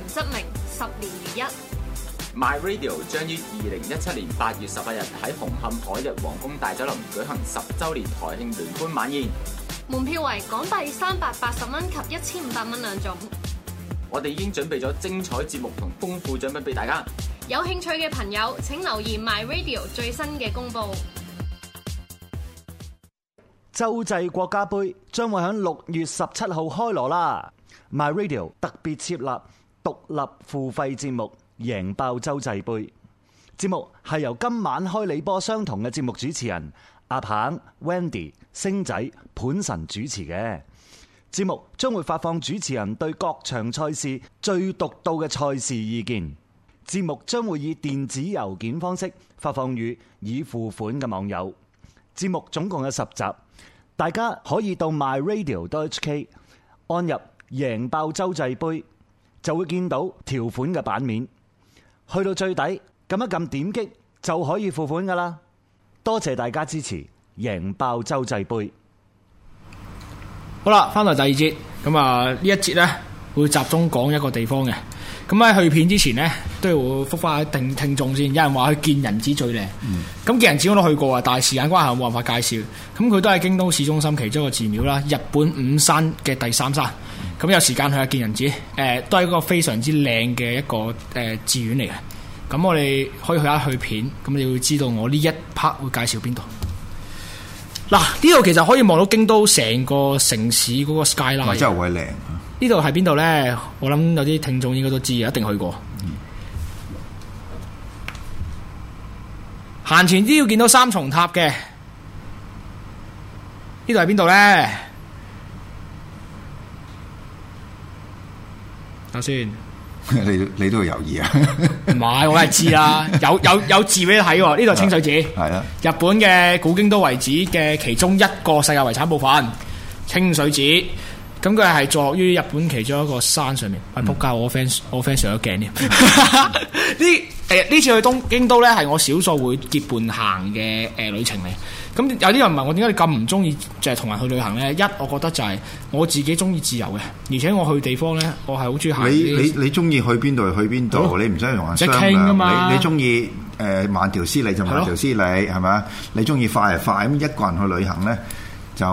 知名十年如一，My Radio 將於二零一七年八月十八日喺紅磡海逸皇宮大酒樓舉行十周年台慶聯歡晚宴，門票為港幣三百八十蚊及一千五百蚊兩種。我哋已經準備咗精彩節目同豐富獎品俾大家。有興趣嘅朋友，請留意 My Radio 最新嘅公布。洲際國家盃將會喺六月十七號開鑼啦。My Radio 特別設立，獨立付費節目贏爆洲際杯節目係由今晚開理波相同嘅節目主持人阿鵬 Wendy 星仔盤神主持嘅節目，將會發放主持人對各場賽事最獨到嘅賽事意見。節目將會以電子郵件方式發放予已付款嘅網友。節目總共有十集，大家可以到 My Radio HK 按入贏爆洲際杯。就會見到條款嘅版面，去到最底，撳一撳點擊就可以付款噶啦。多謝大家支持，贏爆周製杯。好啦，翻嚟第二節，咁啊呢一節呢會集中講一個地方嘅。咁喺去片之前呢，都要我復翻定聽眾先。有人話去建仁寺最靚，咁、嗯、建仁寺我都去過啊，但係時間關係冇辦法介紹。咁佢都係京都市中心其中一個寺廟啦，日本五山嘅第三山。咁有時間去下建仁寺、呃，都係一個非常之靚嘅一個誒、呃、寺院嚟嘅。咁我哋可以去一下去片，咁你會知道我呢一 part 會介紹邊度。嗱、啊，呢度其實可以望到京都成個城市嗰個 skyline，嗯、真係好靚。呢度係邊度呢？我諗有啲聽眾應該都知，一定去過。嗯、行前都要見到三重塔嘅，呢度係邊度呢？首先看看 你，你你都要猶豫啊？唔係，我梗係知啦，有有有字俾你睇喎。呢度清水寺，係啦，日本嘅古京都遺址嘅其中一個世界遺產部分，清水寺。咁佢係坐於日本其中一個山上面。啊、哎，仆街、嗯！我 fans，我 fans 上咗鏡呢呢、嗯 呃、次去東京都咧，係我少數會結伴行嘅、呃、旅程嚟。咁有啲人問我點解你咁唔中意就係、是、同人去旅行咧？一，我覺得就係我自己中意自由嘅，而且我去地方咧，我係好中意行。你你你中意去邊度去邊度？你唔使同人商量。你中意慢條斯理就慢條斯理，係咪啊？你中意快就快咁一個人去旅行咧？就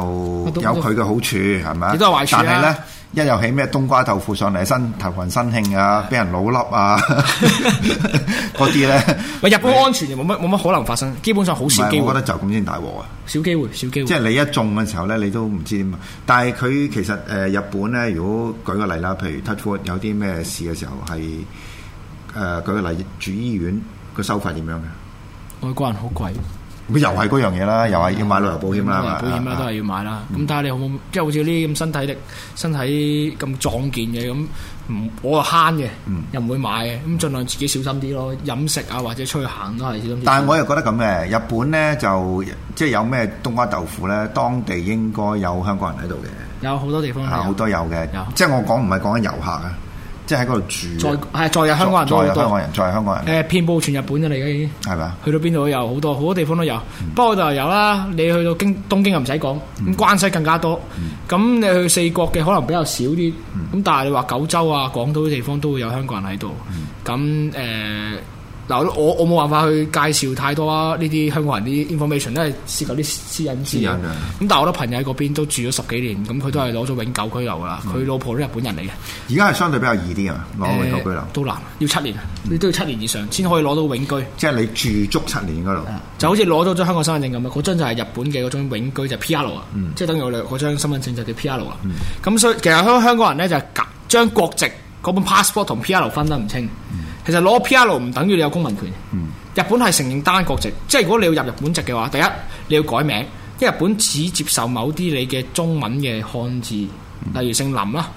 有佢嘅好處係咪？是是壞處啊、但係咧，一又起咩冬瓜豆腐上嚟新，頭暈身㷫啊，俾人老笠啊嗰啲咧。喂 呢，日本安全就冇乜冇乜可能發生，基本上好少機會。但係我覺得就咁先大鑊啊！小機會，小機會。即係你一中嘅時候咧，你都唔知點啊！但係佢其實誒日本咧，如果舉個例啦，譬如 Touchwood 有啲咩事嘅時候係誒、呃、舉個例住醫院個收費點樣嘅？外國人好貴。咁又係嗰樣嘢啦，又係要買旅遊保險啦。保險啦，保險啦啊、都係要買啦。咁、啊、但下你好冇，即係好似呢啲咁身體力、身體咁壯健嘅咁，唔我啊慳嘅，嗯、又唔會買嘅。咁儘量自己小心啲咯，嗯、飲食啊或者出去行都係小心啲。但係我又覺得咁嘅，日本咧就即係有咩冬瓜豆腐咧，當地應該有香港人喺度嘅。有好多地方有。啊，好多有嘅，有即係我講唔係講緊遊客啊。即係喺嗰度住，係在日香港人，在日香港人，在日香港人，誒遍佈全日本㗎喇，而家已經，係咪啊？去到邊度都有好多，好多地方都有，不過就係有啦。你去到京東京又唔使講，咁關西更加多。咁你去四國嘅可能比較少啲，咁但係你話九州啊、廣島啲地方都會有香港人喺度。咁誒。嗱，我我冇辦法去介紹太多啊！呢啲香港人啲 information 都係涉及啲私隱，私隱，咁但係我啲朋友喺嗰邊都住咗十幾年，咁佢都係攞咗永久居留啦。佢、嗯、老婆都日本人嚟嘅。而家係相對比較易啲啊，攞永久居留、呃、都難，要七年，你、嗯、都要七年以上先可以攞到永居。即係你住足七年嗰度，嗯、就好似攞咗張香港身份證咁啊！嗰張就係日本嘅嗰種永居就 P R 啊，即係等於我哋嗰張身份證就叫 P R 啊。咁、嗯、所以其實香香港人咧就係、是、夾將國籍嗰本 passport 同 P R 分得唔清。嗯其實攞 P.R. 唔等於你有公民權。嗯、日本係承認單國籍，即係如果你要入日本籍嘅話，第一你要改名，因為日本只接受某啲你嘅中文嘅漢字，嗯、例如姓林啦，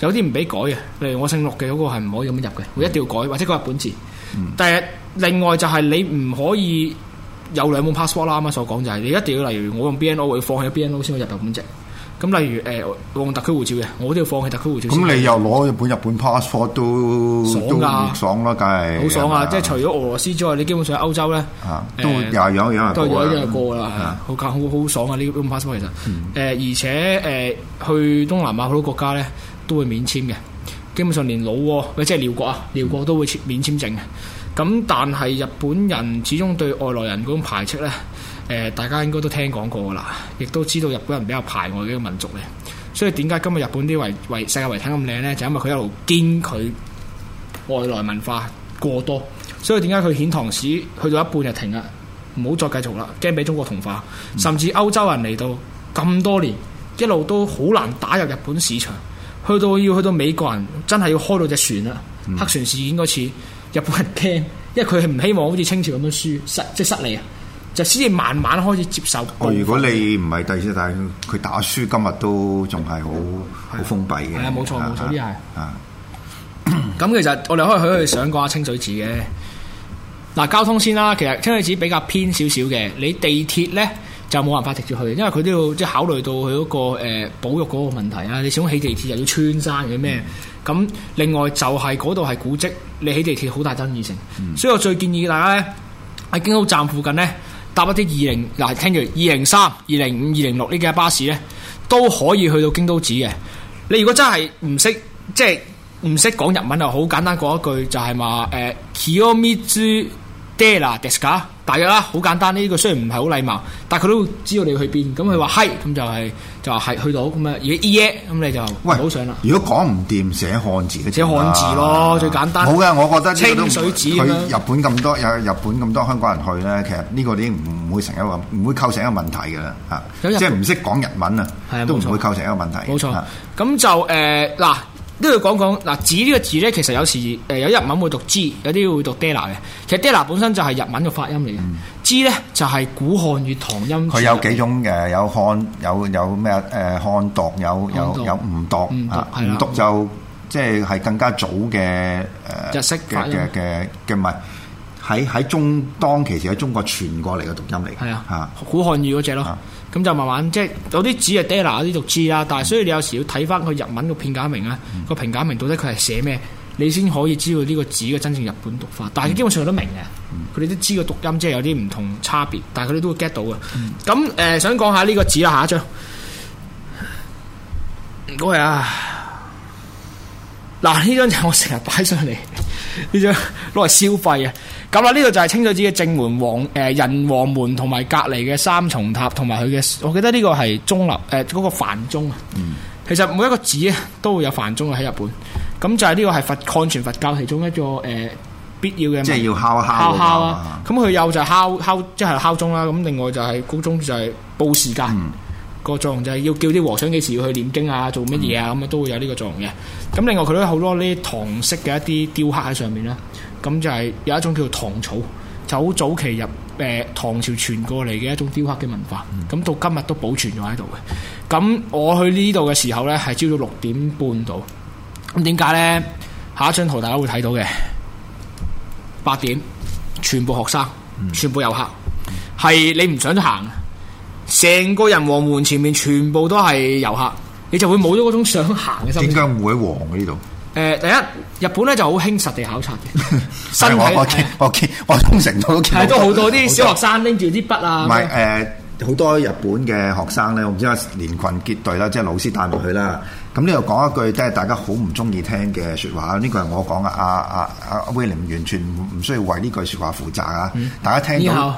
有啲唔俾改嘅，例如我姓陸嘅嗰個係唔可以咁樣入嘅，嗯、會一定要改或者改日本字。嗯、但係，另外就係你唔可以有兩本 passport 啦，啱啱所講就係、是、你一定要，例如我用 B.N.O.，我要放棄 B.N.O. 先可以入日本籍。咁例如誒、呃、用特區護照嘅，我都要放棄特區護照。咁你又攞本日本 passport 都爽的都爽啦，梗係好爽啊！有有即係除咗俄羅斯之外，你基本上喺歐洲咧，都又係樣樣都過啦。好簡好好爽啊！呢個 passport 其實誒，嗯、而且誒、呃、去東南亞好多國家咧都會免簽嘅。基本上連老喎，即係寮國啊、寮國都會免簽證嘅。咁、嗯、但係日本人始終對外來人嗰種排斥咧。誒，大家應該都聽講過噶啦，亦都知道日本人比較排外嘅民族咧，所以點解今日日本啲維維世界遺產咁靚呢？就因為佢一路堅拒外來文化過多，所以點解佢遣唐使去到一半就停啦，唔好再繼續啦，驚俾中國同化。甚至歐洲人嚟到咁多年，一路都好難打入日本市場，去到要去到美國人真係要開到隻船啦。嗯、黑船事件嗰次，日本人驚，因為佢係唔希望好似清朝咁樣輸失即係失利啊。就先至慢慢開始接受、哦。如果你唔係第二隻，但係佢打輸，今日都仲係好好封閉嘅。冇錯，冇的錯，啲係啊。咁其實我哋可以去去上過下清水寺嘅。嗱，交通先啦。其實清水寺比較偏少少嘅。你地鐵咧，就冇辦法直接去，因為佢都要即係考慮到佢嗰個保育嗰個問題啦。你想起地鐵又要穿山，嘅咩？咁、嗯、另外就係嗰度係古蹟，你起地鐵好大爭議性。嗯、所以我最建議大家咧，喺京都站附近呢。搭一啲二零嗱，聽住二零三、二零五、二零六呢幾架巴士咧，都可以去到京都寺嘅。你如果真係唔識，即係唔識講日文啊，好簡單，講一句就係話誒，Kiyomizu-dera desu ka 大約啦，好簡單。呢個雖然唔係好禮貌，但係佢都知道你要去邊。咁佢話 hi，咁就係。嗯就係去到咁啊，而家 E 咁你就喂，好想啦。如果講唔掂寫漢字，寫漢字咯，的最簡單。好嘅，我覺得這個清水寺去日本咁多，有日本咁多香港人去咧，其實呢個已經唔唔會成一個唔會構成一個問題嘅啦。嚇，即係唔識講日文啊，都唔的會構成一個問題。冇錯錯。咁就誒嗱，呢度講講嗱，寺呢個字咧，其實有時誒、呃、有日文會讀知，有啲會讀爹乸嘅。其實爹乸本身就係日文嘅發音嚟嘅。嗯知咧就係、是、古漢語唐音，佢有幾種嘅，有漢有有咩啊？誒漢讀有有有,有吳讀,、嗯、讀啊？的吳讀就即係更加早嘅誒日式嘅嘅嘅嘅，唔係喺喺中當其時喺中國傳過嚟嘅讀音嚟嘅。係啊的，的古漢語嗰隻咯。咁的就慢慢即係、就是、有啲字啊，爹乸啲讀知啦。但係、嗯、所以你有時要睇翻佢日文個片假名啊，個平假名到底佢係寫咩？你先可以知道呢個寺嘅真正日本讀法，但係佢基本上都明嘅，佢哋、嗯嗯、都知個讀音即係有啲唔同差別，但係佢哋都會 get 到嘅。咁誒、嗯呃，想講下呢個寺啦，下一張唔該啊！嗱，呢張就我成日擺上嚟呢張攞嚟消費啊！咁啦，呢度就係清水寺嘅正門王誒仁王門同埋隔離嘅三重塔同埋佢嘅，我記得呢個係鐘樓誒嗰個梵鐘啊。嗯、其實每一個寺啊都會有梵鐘啊喺日本。咁就係呢個係漢傳佛教其中一個誒、呃、必要嘅，即係要敲敲，敲，敲，敲啊。咁佢有就敲敲，即係敲鐘啦。咁另外就係古鐘就係報時間個作用，就係要叫啲和尚幾時要去念經啊，做乜嘢啊，咁啊、嗯、都會有呢個作用嘅。咁另外佢都好多呢啲唐式嘅一啲雕刻喺上面啦。咁就係有一種叫做唐草，就好早期入誒、呃、唐朝傳過嚟嘅一種雕刻嘅文化。咁、嗯、到今日都保存咗喺度嘅。咁我去呢度嘅時候咧，係朝早六點半到。咁點解咧？下一張圖大家會睇到嘅，八點，全部學生，全部遊客，係、嗯、你唔想行，成個人王門前面全部都係遊客，你就會冇咗嗰種想行嘅心。點解會喺王嘅呢度？誒，第一，日本咧就好興實地考察嘅，新嘅 是體，我見是我見我工程 都見。係好 多啲小學生拎住啲筆啊。唔係誒，好、呃、多日本嘅學生咧，我唔知啊，連群結隊啦，即係老師帶落去啦。咁呢度講一句，即係大家好唔中意聽嘅說話。呢個係我講嘅，啊啊，阿威寧完全唔需要為呢句說話負責啊！嗯、大家聽到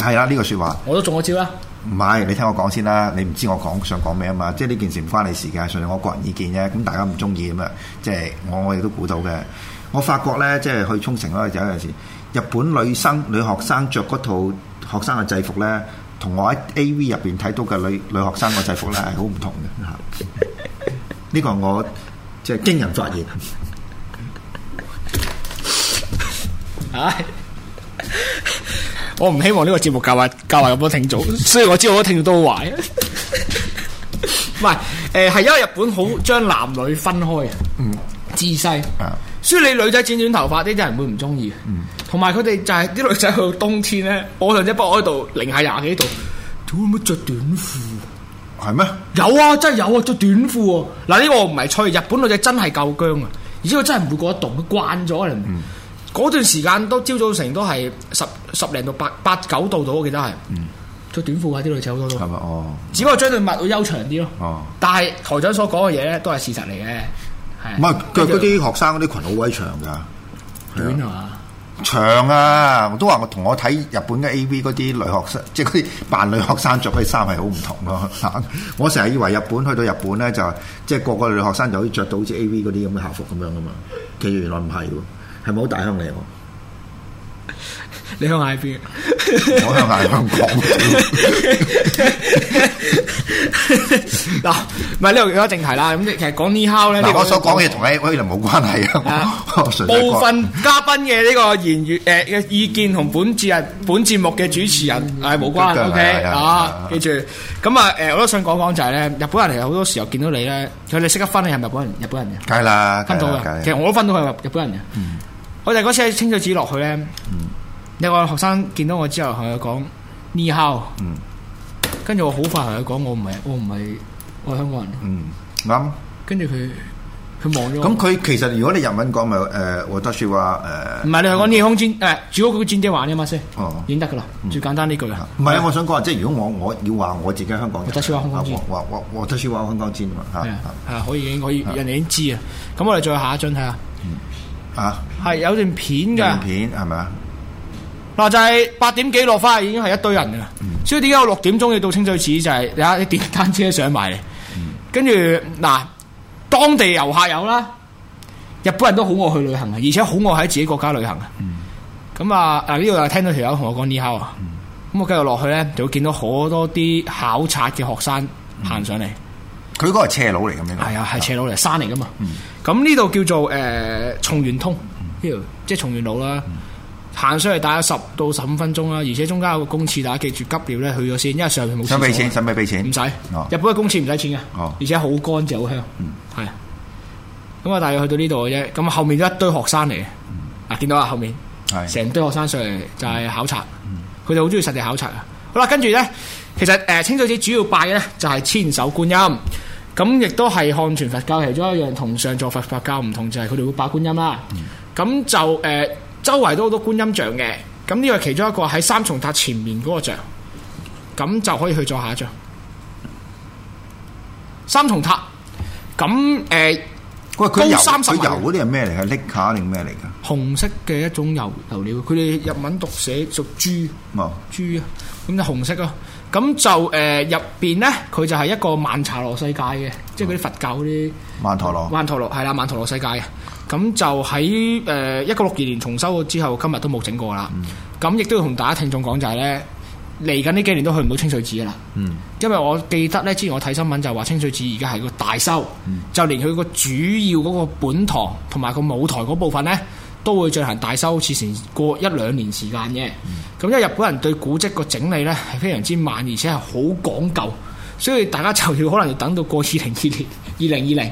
係啦，呢後、呢個說話我都中咗招啦。唔係，你聽我講先啦，你唔知我講想講咩啊嘛？即係呢件事唔關你事嘅，純粹我個人意見啫。咁大家唔中意咁啊，即係我亦都估到嘅。我發覺咧，即係去沖繩咧就有陣時，日本女生、女學生着嗰套學生嘅制服咧，同我喺 A V 入面睇到嘅女女學生個制服咧係好唔同嘅。 呢個係我即係驚人發現，唉！ 我唔希望呢個節目教壞教壞咁多聽眾，雖然我知道好多聽眾都好壞。唔 係，誒、呃、係因為日本好將、嗯、男女分開嘅，嗯，自細，所以你女仔剪短頭髮啲人會唔中意，同埋佢哋就係、是、啲女仔去到冬天咧，我上次包喺度零下廿幾度，做乜着短褲，啊？係咩？是有啊，真係有啊，着短褲啊。嗱，呢個唔係吹，日本女仔真係夠薑啊！而且佢真係唔會覺得凍，佢慣咗。你明唔明？嗰段時間都朝早成都係十十零到八八九度度，我記得係。嗯，着短褲啊，啲女仔好多都。係嘛哦。只不過將對襪會悠長啲咯。哦。但係台長所講嘅嘢咧，都係事實嚟嘅。係。唔係是，腳嗰啲學生嗰啲裙好鬼長㗎。短係嘛？的長啊，都我都話我同我睇日本嘅 A V 嗰啲女學生，即係嗰啲扮女學生着嗰啲衫係好唔同咯、啊。我成日以為日本去到日本咧就即係個個女學生就可以着到好似 A V 嗰啲咁嘅校服咁樣噶嘛，其實原來唔係喎，係咪好大鄉里、啊？你喺邊？我喺香港。嗱，唔係呢度講正題啦。咁其實講呢敲咧，我所講嘅同阿威林冇關係啊。部分嘉賓嘅呢個言語誒嘅意見同本節啊本節目嘅主持人係冇關。OK 啊，記住。咁啊誒，我都想講講就係咧，日本人其實好多時候見到你咧，佢哋識得分你係咪日本人？日本人嘅梗係啦，分到嘅。其實我都分到係日本人嘅。我哋嗰次喺清水寺落去咧。有個學生見到我之後，同佢講你好，跟住我好快同佢講，我唔係我唔係我係香港人。嗯，啱。跟住佢佢望咗。咁佢其實如果你日文講咪，誒，我得說話誒。唔係你係講你好尖，誒，主要佢尖啲話你啊嘛先，哦，影得噶咯最簡單呢句啊。唔係啊，我想講即係如果我我要話我自己香港人，我得說話香港尖，話我我得說話香港尖啊，係啊，可以可以人哋已經知啊。咁我哋再下一張睇下，啊，係有段片噶，片係咪啊？嗱，就係八點幾落翻，已經係一堆人噶。嗯、所以點解我六點鐘要到清水寺就係呀啲電單車上埋嚟，跟住嗱，當地遊客有啦，日本人都好愛去旅行啊，而且好愛喺自己國家旅行、嗯、啊。咁啊，呢度又聽到條友同我講呢口啊，咁、嗯、我繼續落去咧，就會見到好多啲考察嘅學生行上嚟。佢嗰、嗯、個斜路嚟咁樣，係啊，係斜路嚟，嗯、山嚟噶嘛。咁呢度叫做誒松原、呃、通，呢度、嗯、即係松原路啦。嗯行上去大約十到十五分鐘啦，而且中間有個公廁，大家記住急尿咧去咗先，因為上邊冇廁所。想俾錢，想唔俾俾錢？唔使用。哦、日本嘅公廁唔使錢嘅。哦、而。而且好乾淨，好香。嗯。咁啊，大概去到呢度嘅啫。咁啊，後面有一堆學生嚟嘅。嗯、啊，見到啦，後面。成是 堆學生上嚟就係考察。佢哋好中意實地考察啊！好啦，跟住咧，其實誒、呃、清水寺主要拜嘅咧就係、是、千手觀音，咁亦都係漢傳佛教其中一樣同上座佛教唔同，就係佢哋會拜觀音啦。咁、嗯、就誒。呃周圍都好多觀音像嘅，咁呢個係其中一個喺三重塔前面嗰個像，咁就可以去做下一張。三重塔，咁誒，佢、呃、油嗰啲係咩嚟？係 lacquer 定咩嚟噶？的的的紅色嘅一種油油料，佢哋日文讀寫屬豬，哦豬啊，咁就紅色咯。咁就誒入邊咧，佢、呃、就係一個曼荼羅世界嘅，即係嗰啲佛教嗰啲曼陀羅，曼陀羅係啦，曼陀羅世界嘅。咁就喺誒一九六二年重修之後，今日都冇整過啦。咁亦都要同大家聽眾講就係呢，嚟緊呢幾年都去唔到清水寺噶啦。嗯、因為我記得呢，之前我睇新聞就話清水寺而家係個大修，嗯、就連佢個主要嗰個本堂同埋個舞台嗰部分呢，都會進行大修，好似成過一兩年時間嘅。咁、嗯、因為日本人對古蹟個整理呢，係非常之慢，而且係好講究，所以大家就要可能要等到過二零二年二零二零。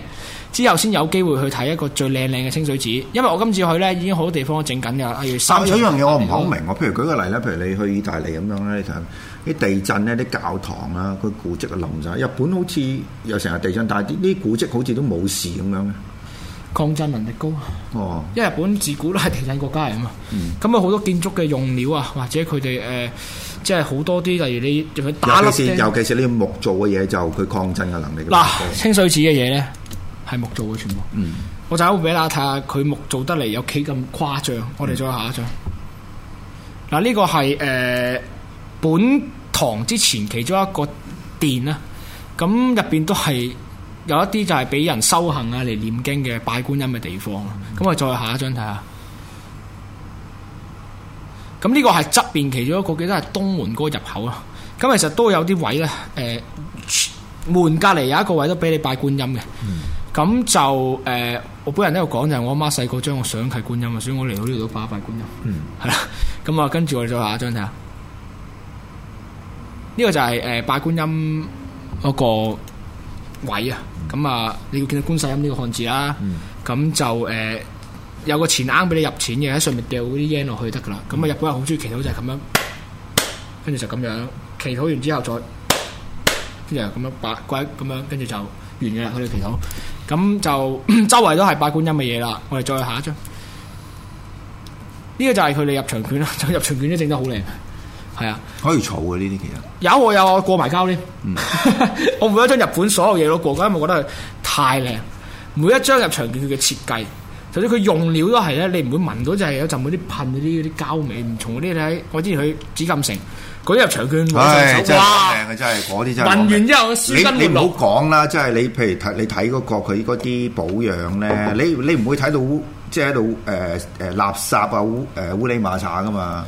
之後先有機會去睇一個最靚靚嘅清水寺，因為我今次去咧，已經好多地方都整緊㗎啦，例如三的。有樣嘢我唔係好明，我譬如舉個例咧，譬如你去意大利咁樣咧，你睇啲地震呢，啲教堂啊，佢古蹟啊冧晒。日本好似又成日地震，但係啲啲古蹟好似都冇事咁樣嘅，抗震能力高。哦，因為日本自古都係地震國家嚟啊嘛。嗯。咁啊好多建築嘅用料啊，或者佢哋誒，即係好多啲例如你打，打落。尤其是尤其是你木做嘅嘢，就佢抗震嘅能力，嘅能力高。嗱，清水寺嘅嘢咧。係木做嘅，全部，嗯、我就喺度俾大家睇下佢木做得嚟有幾咁誇張。我哋再下一張。嗱、嗯，呢個係誒本堂之前其中一個殿啦，咁入邊都係有一啲就係俾人修行啊嚟念經嘅拜觀音嘅地方。咁、嗯、我再下一張睇下。咁呢個係側邊其中一個，記得係東門嗰個入口咯。咁其實都有啲位咧，誒、呃、門隔籬有一個位都俾你拜觀音嘅。嗯咁就誒、呃，我本人呢度講就係、是、我阿媽細個將我想係觀音啊，所以我嚟到呢度都拜一拜觀音。嗯，係啦。咁啊，跟住我哋再下一張睇下。呢、這個就係誒拜觀音嗰個位啊。咁啊、嗯，你要見到觀世音呢個漢字啦。咁、嗯、就誒、呃、有個錢罌俾你入錢嘅，喺上面掉嗰啲鈔落去得㗎啦。咁啊，日本人好中意祈禱就係咁樣，跟住就咁樣祈禱完之後再。就咁樣拜鬼咁樣，跟住就完嘅啦。佢哋祈禱，咁就周圍都係百觀音嘅嘢啦。我哋再下一張，呢、這個就係佢哋入場券啦。入場券都整得好靚，係啊，可以儲嘅呢啲其實。有我有我過埋膠添，嗯、 我每一張日本所有嘢都過，因為我覺得太靚。每一張入場券佢嘅設計，就算佢用料都係咧，你唔會聞到就係有陣嗰啲噴嗰啲嗰啲膠味。唔重嗰啲你睇，我之前去紫禁城。嗰入場券哇！真係靚啊，真係嗰啲真係。問完之後的你，你你唔好講啦，即係你譬如睇你睇嗰、嗰個佢嗰啲保養咧，你你唔會睇到即係喺度誒誒垃圾啊烏誒烏里馬雜噶嘛？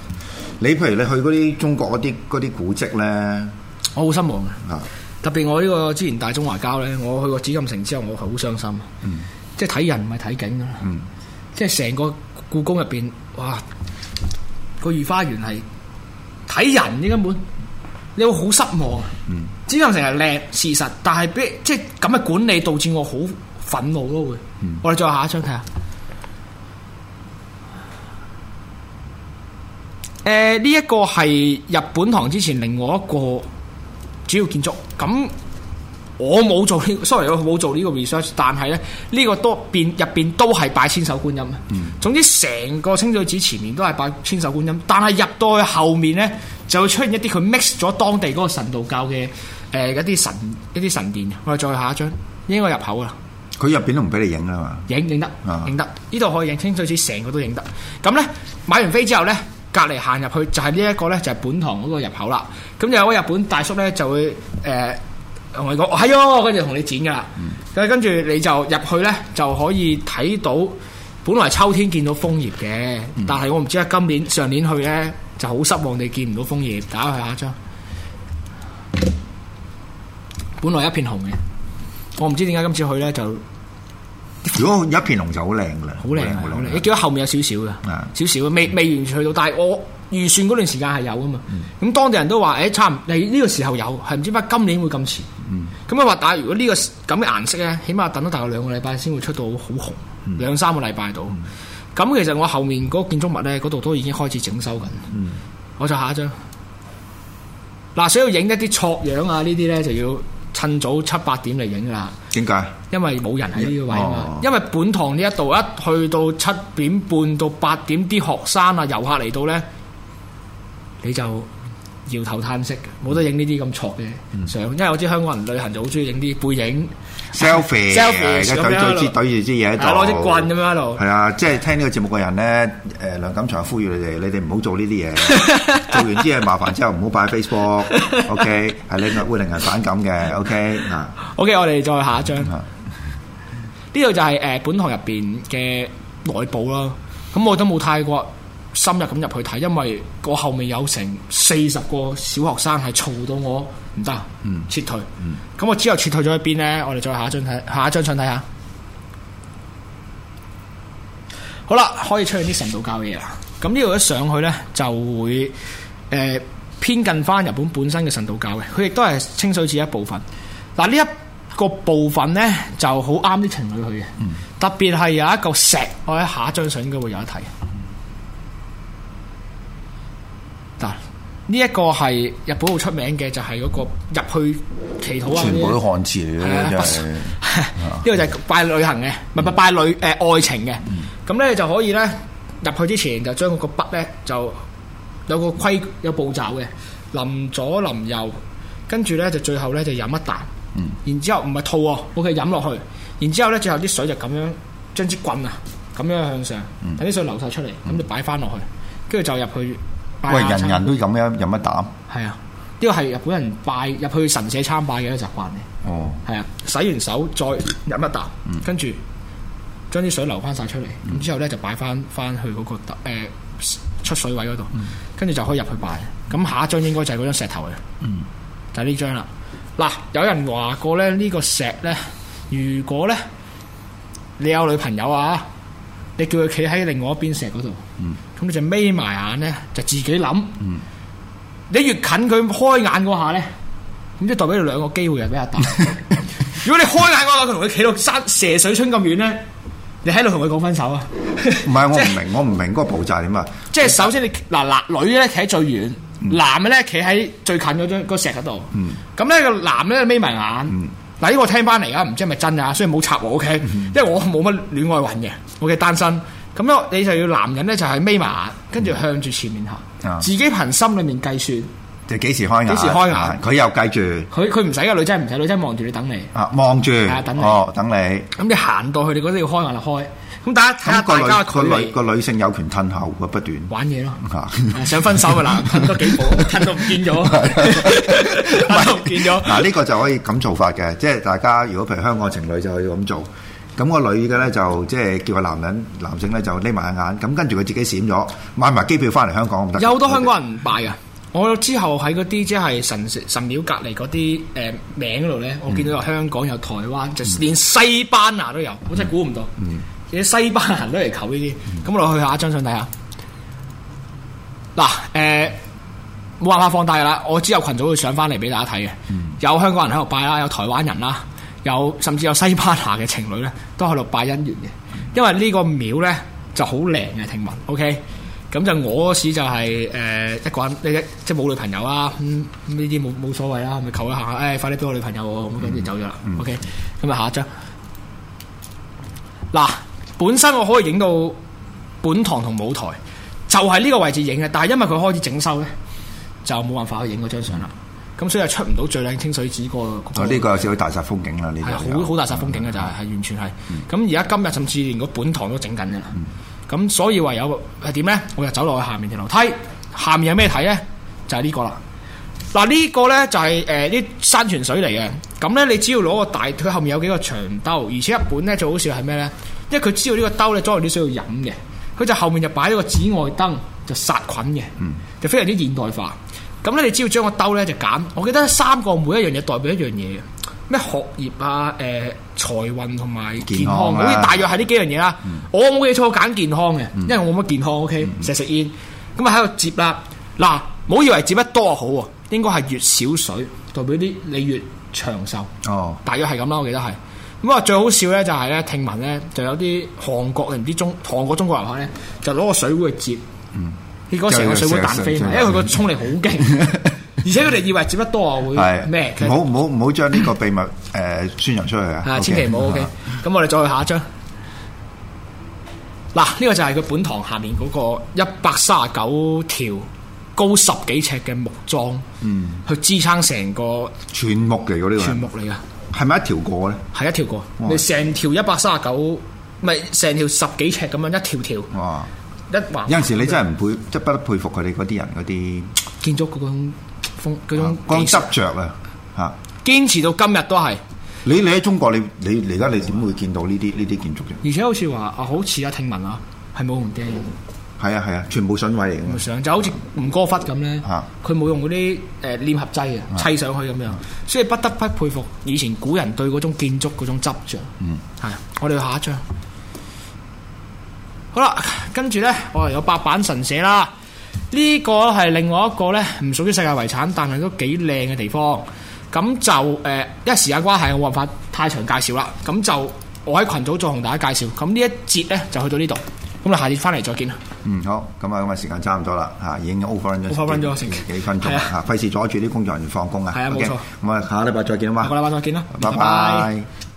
你譬如你去嗰啲中國嗰啲嗰啲古蹟咧，我好失望嘅。是的 特別我呢個之前大中華膠咧，我去過紫禁城之後，我好傷心。嗯，即係睇人唔係睇景噶。嗯，即係成個故宮入邊，哇，那個御花園係。睇人你根本你會好失望，嗯、只能成日靚事實，但係俾即係咁嘅管理導致我好憤怒咯會，嗯、我哋再下一張睇下。誒、呃，呢、這、一個係日本堂之前另外一個主要建築咁。我冇做呢、呢個、，sorry，我冇做個 arch, 呢個 research，但係咧呢個都變入面，面都係拜千手觀音啊！嗯、總之成個清水寺前面都係拜千手觀音，但係入到去後面咧就會出現一啲佢 mix 咗當地嗰個神道教嘅、呃、一啲神一啲神殿。我哋再下一張應該入口啦。佢入面都唔俾你影啦嘛？影影得，影得。呢度可以影清水寺成個都影得。咁咧買完飛之後咧，隔離行入去就係呢一個咧，就係、就係、本堂嗰個入口啦。咁有個日本大叔咧就會誒。呃我係講，係我跟住同、哎、你剪噶啦，咁跟住你就入去咧，就可以睇到本來秋天見到楓葉嘅。嗯、但係我唔知啊，今年上年去咧就好失望地見唔到楓葉。打去下張，本來一片紅嘅，我唔知點解今次去咧就……如果有一片紅就好靚噶，好靚好靚，你見到後面有的少少嘅，少少未、嗯、未完全去到，但係我預算嗰段時間係有㗎嘛。咁、嗯、當地人都話：誒、欸，差唔，你、這、呢個時候有，係唔知點解今年會咁遲。咁啊，話但、嗯、如果、這個、呢個咁嘅顏色咧，起碼等咗大概兩個禮拜先會出到好紅，兩、嗯、三個禮拜度。咁、嗯嗯、其實我後面嗰個建築物咧，嗰度都已經開始整修緊。嗯、我就下一張。嗱，想要影一啲錯樣啊，呢啲咧就要趁早七八點嚟影㗎啦。點解？因為冇人喺呢個位啊嘛。哦、因為本堂呢一度一去到七點半到八點，啲學生啊、遊客嚟到咧，你就。搖頭嘆息，冇得影呢啲咁挫嘅唔想，因為我知香港人旅行就好中意影啲背影 selfie，對住嘢咁樣攞隻棍咁樣喺度。係啊，即係聽呢個節目嘅人咧，誒梁錦祥呼籲你哋，你哋唔好做呢啲嘢，做完之嘢麻煩之後唔好擺 Facebook，OK，係你會令人反感嘅，OK 嗱。OK，我哋再下一張。呢度就係誒本堂入邊嘅內部啦，咁我都冇太過。深入咁入去睇，因為個後面有成四十個小學生係嘈到我唔得，嗯、撤退。咁、嗯、我之後撤退咗一邊呢，我哋再下一張睇下一張相睇下。好啦，可以出現啲神道教嘅嘢啦。咁呢度一上去呢，就會誒、呃、偏近翻日本本身嘅神道教嘅，佢亦都係清水寺一部分。嗱，呢一個部分呢，就好啱啲情侶去嘅，特別係有一嚿石，我喺下一張相應該會有得睇。呢一個係日本好出名嘅，就係、是、嗰個入去祈禱啊，全部都是漢字嚟嘅，因為的 就係拜旅行嘅，唔係、嗯、拜旅誒、呃、愛情嘅。咁咧、嗯、就可以咧入去之前就將嗰個筆咧就有個規有步驟嘅，臨左臨右，跟住咧就最後咧就飲一啖。嗯、然之後唔係吐喎，O K 飲落去，然之後咧最後啲水就咁樣將支棍啊咁樣向上，等啲、嗯、水流晒出嚟，咁、嗯、就擺翻落去，跟住就入去。喂，人人都飲咩飲，一啖？係啊，呢個係日本人拜入去神社參拜嘅一個習慣嘅。哦，係啊，洗完手再飲一啖，跟住將啲水流翻晒出嚟，咁之後呢就擺翻翻去嗰、嗰個誒、呃、出水位嗰度，跟住就可以入去拜。咁下一張應該就係嗰張石頭嘅，嗯、就係呢張啦。嗱，有人話過呢，呢個石呢，如果呢你有女朋友啊？你叫佢企喺另外一邊石嗰度，咁、嗯、你就眯埋眼咧，就自己諗。嗯、你越近佢開眼嗰下咧，咁即代表你兩個機會係比較大。 如果你開眼嗰下佢同佢企到山蛇水村咁遠咧，你喺度同佢講分手啊？唔係我唔明，我唔明嗰、 嗰個步驟係點啊？即係首先你嗱，嗱、嗯、女咧企喺最遠，男嘅咧企喺最近嗰張個石嗰度。咁咧、嗯、個男咧眯埋眼。嗯嗱，呢個聽翻嚟噶，唔知係咪真啊，所以冇插喎，OK？、嗯、因為我冇乜戀愛運嘅，我、okay? 嘅單身。咁樣你就要男人咧，就係眯埋眼，跟住向住前面行，嗯、自己憑心裏面計算，就幾時開眼？幾時開眼？佢、啊、又計住，佢佢唔使嘅女仔唔使，女仔望住你等你啊，望住，等你哦，等你。咁你行到去，你覺得要開眼就開。咁大家睇下，個女個女性有權吞喉咪不斷玩嘢咯，想分手嘅男人吞都幾好，吞咗唔見咗，唔見咗。嗱呢個就可以咁做法嘅，即係大家如果譬如香港情侶就可以咁做，咁個女嘅咧就即係叫個男人男性咧就匿埋眼，咁跟住佢自己閃咗，買埋機票翻嚟香港唔得。有好多香港人買嘅，我之後喺嗰啲即係神神廟隔籬嗰啲誒名嗰度咧，我見到有香港有台灣，就連西班牙都有，我真係估唔到。西班牙人都嚟求呢啲，咁、嗯、我落去下一張相睇下。嗱，誒、欸，冇辦法放大啦，我只有群組會上翻嚟俾大家睇嘅。嗯、有香港人喺度拜啦，有台灣人啦，有甚至有西班牙嘅情侶咧，都喺度拜姻緣嘅。嗯、因為呢個廟咧就好靚嘅，聽聞。OK，咁就我始就係、是、誒、呃、一個人，呢啲即係冇女朋友啦，咁呢啲冇冇所謂啦，咪求一下，誒、欸，快啲俾我女朋友，咁跟住走咗啦。OK，咁啊下一張。嗱。本身我可以影到本堂同舞台，就係、是、呢個位置影嘅。但係因為佢開始整修咧，就冇辦法去影嗰張相啦。咁、嗯、所以係出唔到最靚清水寺、個。哦，呢、呢個有少少大煞風景啦，呢度係好好大煞風景嘅就係，係完全係咁。嗯、而家今日甚至連個本堂都整緊嘅。咁、嗯、所以唯有係點咧？我就走落去下面條樓梯，看看下面有咩睇咧？就係、是、呢個啦。嗱、這個就是，呢個咧就係誒啲山泉水嚟嘅。咁咧，你只要攞個大佢後面有幾個長兜，而且日本咧最好笑係咩咧？因為佢知道呢個兜咧裝住啲水要飲嘅，佢就後面就擺咗個紫外燈，就殺菌嘅，嗯、就非常之現代化。咁咧，你只要將個兜咧就揀，我記得三個每一樣嘢代表一樣嘢嘅，咩學業啊、誒財運同埋健康，好似、啊、大約係呢幾樣嘢啦。嗯、我冇記錯揀健康嘅，嗯、因為我冇乜健康，O K，食食煙，咁啊喺度接啦。嗱、嗯，唔好以為接得多好喎，應該係越少水代表啲你越長壽。哦，大約係咁啦，我記得係。咁啊，最好笑咧就係咧，聽聞咧就有啲韓國人的、啲中韓國中國人咧，就攞個水壺去接，嗯、結果成個水壺彈飛啦，嗯、因為佢個衝力好勁， 而且佢哋以為接得多啊會咩？好唔好唔好將呢個秘密誒、呃、宣揚出去啊！千祈唔好 OK。咁 我哋再去下一張。嗱，呢、呢個就係佢本堂下面嗰個一百三十九條高十幾尺嘅木樁，嗯、去支撐成個全木嚟嗰啲啊，全木嚟啊。係咪一條過咧？係一條過，哦、你成條一百三十九，咪成條十幾尺咁樣一條條，一橫，有陣時你真係唔佩，即不得佩服佢哋嗰啲人嗰啲建築嗰種風嗰種嗰種執着啊！吓，堅持到今日都係你你喺中國你你而家你點會見到呢啲呢啲建築嘅？而且好似話啊，好似啊，聽聞啊，係冇人 d 係啊係啊，全部筍位嚟嘅上就好似吳哥窟咁咧，佢冇、啊、用嗰啲誒粘合劑啊砌上去咁樣，啊、所以不得不佩服以前古人對嗰種建築嗰種執着。嗯、啊、我哋去下一張好啦，跟住咧，我哋有八板神社啦。呢、呢個係另外一個咧，唔屬於世界遺產，但係都幾靚嘅地方。咁就一、呃、時間關係我冇辦法太長介紹啦。咁就我喺群組再同大家介紹。咁呢一節咧就去到呢度。咁啊，我下次翻嚟再見啦。嗯，好，咁啊，咁啊，時間差唔多啦，已經 over 咗成幾，幾分鐘啦，嚇、啊，費事阻住啲工作人員放工啊。係啊，冇錯。咁啊，下禮拜再見啊嘛。好，下禮拜再見啦，拜拜。拜拜拜拜。